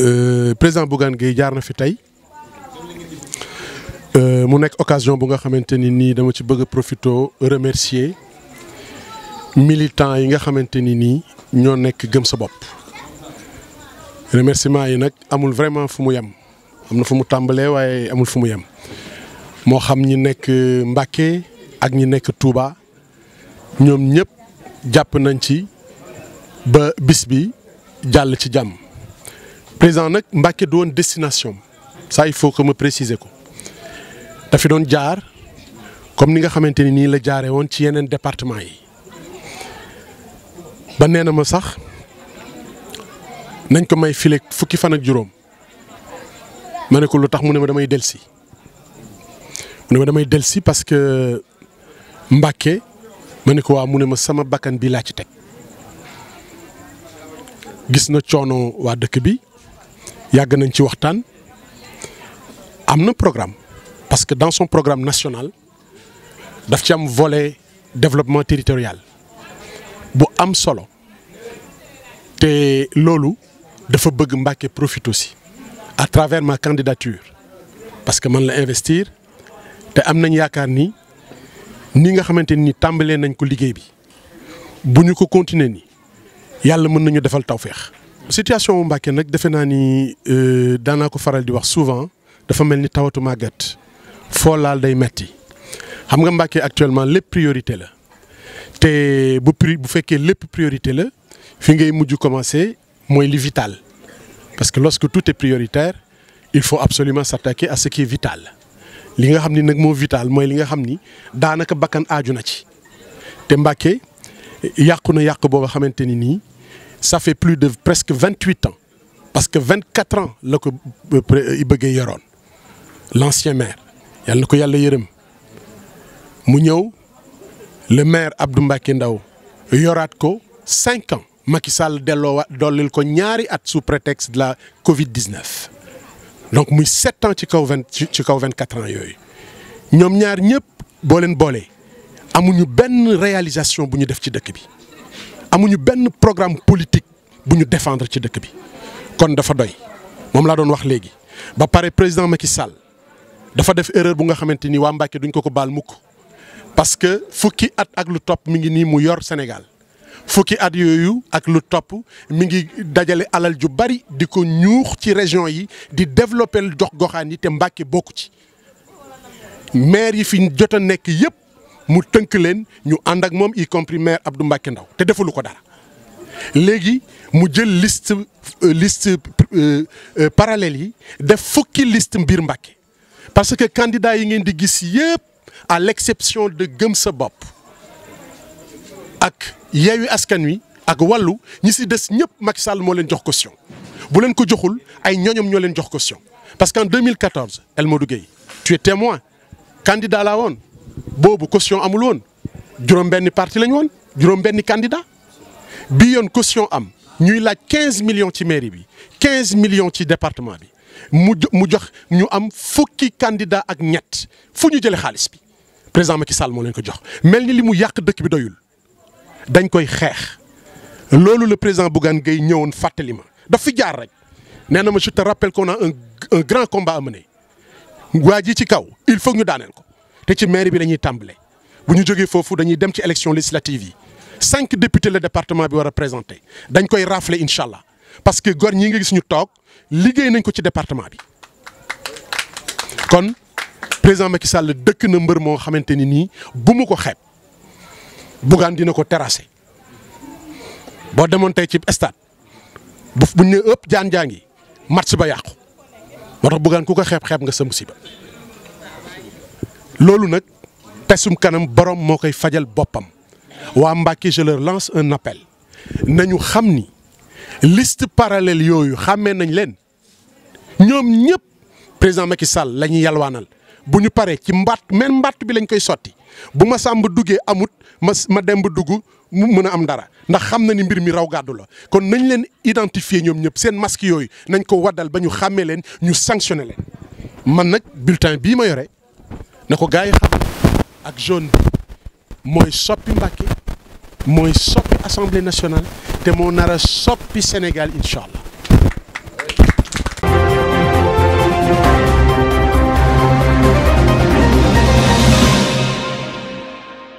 Euh, président Bougane Gueye jaar na fi tey euh, mu nekk occasion bu nga xamante ni nii dama ci bëgg a profité remercier militants yi nga xamante ni nii ñoo nekk gëm sa bopp. remerciement yi nag amul vraiment fu mu yem am na fu mu tàmbalee waaye amul fu mu yem moo xam ñi nekk Mbacké ak ñi nekk Touba ñoom ñëpp jàpp nañ ci ba bis bi jàll ci jàmm. président nag Mbàkke doon woon destination ça il faut que ma préciser ko dafi doon jaar comme ni nga xamante ni nii la jaaree woon ci yeneen département yi ba nee na ma sax nañ ko may file fukki fan ak juróom ma ne ko lu tax mu ne ma damay delsi mu ne ma damay delsi parce que Mbàkke ma ne ko waa mu ne ma sama bakkan bi laa ci teg gis na coono waa dëkk bi yàgg nañ ci waxtaan am na programme parce que dans son programme national daf ci am vole développement territorial bu am solo te loolu dafa bëgg Mbacké profite aussi à travers ma candidature parce que man la investir te am nañ yaakaar ni ni nga xamante ni tàmbalee nañ ko liggéey bi bu ñu ko continuer nii yàlla mën nañu defal tawféex situation wu Mbàkke nag defe naa ni euh, daanaa ko faral di wax souvent dafa mel ni tawatu màggat foo laal day metti xam nga Mbàkke actuellement lépp priorité la te bu pri bu fekkee lépp priorité la fi ngay mujj commencer mooy li vital parce que lorsque tout est prioritaire il faut absolument s'attaquer à ce qui est vital li nga xam ni nag moo vital mooy li nga xam ni daanaka bakkan aaju na ci te Mbàkke yàqu na yàq boo nga xamante ni nii. ça fait plus de presque vingt-huit ans parce que vingt-quatre ans la ko yi euh, euh, Guèye yoroon l'ancien maire yàlla na ko yàlla yërëm mu ñëw le maire ab Abdou Mbacké ndaw yoraat ko cinq ans Macky Sall delloowaat dollil ko ñaari at sous prétexte la Covid-19 donc muy sept ans ci kaw vingt ci kaw vingt-quatre ans yooyu ñoom ñaar ñëpp boo leen boolee amuñu benn réalisation bu ñu def ci dëkk bi amuñu benn programme politique bu ñu defendre ci dëkk bi kon dafa doy moom laa doon wax léegi ba pare président Macky Sall dafa def erreur bu nga xamante ni waa Mbacke duñ ko ko baal mukk parce que fukki at ak lu topp mu ngi nii mu yor Sénégal fukki at yooyu ak lu topp mu ngi dajale alal ju bari di ko ñuux ci région yi di développer jox goxaan yi te Mbacke bokku ci maire yi fi jot a nekk yëpp. mu tënk leen ñu ànd ak moom y compris maire Abdou Ndaw te defalu ko dara léegi mu jël liste euh, liste euh, euh, parallèle yi def fukki liste mbir Mbacké parce que candidat yi ngeen di gis yëpp à l'exception de gëm sa bopp ak Yewwi Askan Wi ak wàllu ñi si des ñëpp Macky Sall moo leen jox caution bu leen ko joxul ay ñoñom ñoo leen jox caution parce qu'en 2014 El Modou Gueye tu es témoin candidat laa woon boobu caution amul woon juróom-benni parti lañ woon juróom-benni candidat bi yoon caution am ñuy laaj quinze million ci mairie bi quinze million ci département bi mu mu jox ñu am fukki candidat ak ñett fu ñu jëlee xaalis bi président Macky Sall moo leen ko jox mel ni li mu yàq dëkk bi doyul dañ koy xeex loolu le président Bougane Gueye ñëwoon fàttali ma daf fi jaar rek nee na ma je te rappelle qu'on a un un grand combat à mener waa ji ci kaw il faut ñu daaneel ko. te ci maire bi la tàmbale bu ñu jógee foofu dañuy dem ci élection législative yi cinq députés le département bi war a présenté dañ koy rafler incha allah parce que gor ñi nga gis ñu toog liggéey nañ ko ci département bi kon président Macky Sall dëkk na mbër moo xamante ni nii bu mu ko xeeb Bougane dina ko terrasser boo demoon tey ci stade bu buñ ne ëpp jaan-jaan yi match ba yàqu moo tax Bougane ku ko xeeb xeeb nga sa musiba loolu nag tasum kanam borom moo koy fajal boppam waa Mbacké je lance un appel nañu xam ni list parallèle yooyu xàmmee nañ leen ñoom ñëpp président Macky Sall la ñuy yalwaanal bu ñu paree ci mbatt même mbatt bi lañ koy sotti bu ma sàmb duggee amut ma ma dem ba dugg mu mën a am dara ndax xam na ni mbir mi raw gàddu la kon nañ leen identifier ñoom ñëpp seen masque yooyu nañ ko waddal ba ñu xàmmee leen ñu sanctionné leen man nag bulletin bii ma yore. na ko gars xam ak jaune bi mooy soppi Mbàkke mooy soppi assemblée nationale te moo nar a soppi Sénégal incha